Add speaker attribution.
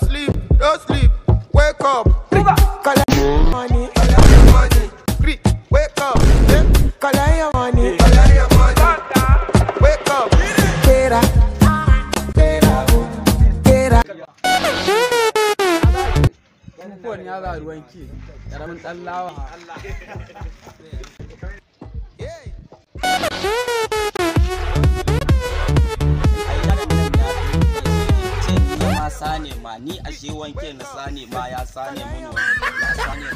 Speaker 1: Don't sleep, don't sleep. Wake up. Collect money. Collect
Speaker 2: your money. Wake up. Collect your money. Collect your money. Wake up. Get up. Get up. Get up.
Speaker 3: sane ma ni ashe wanke na sane ma ya sane mun ya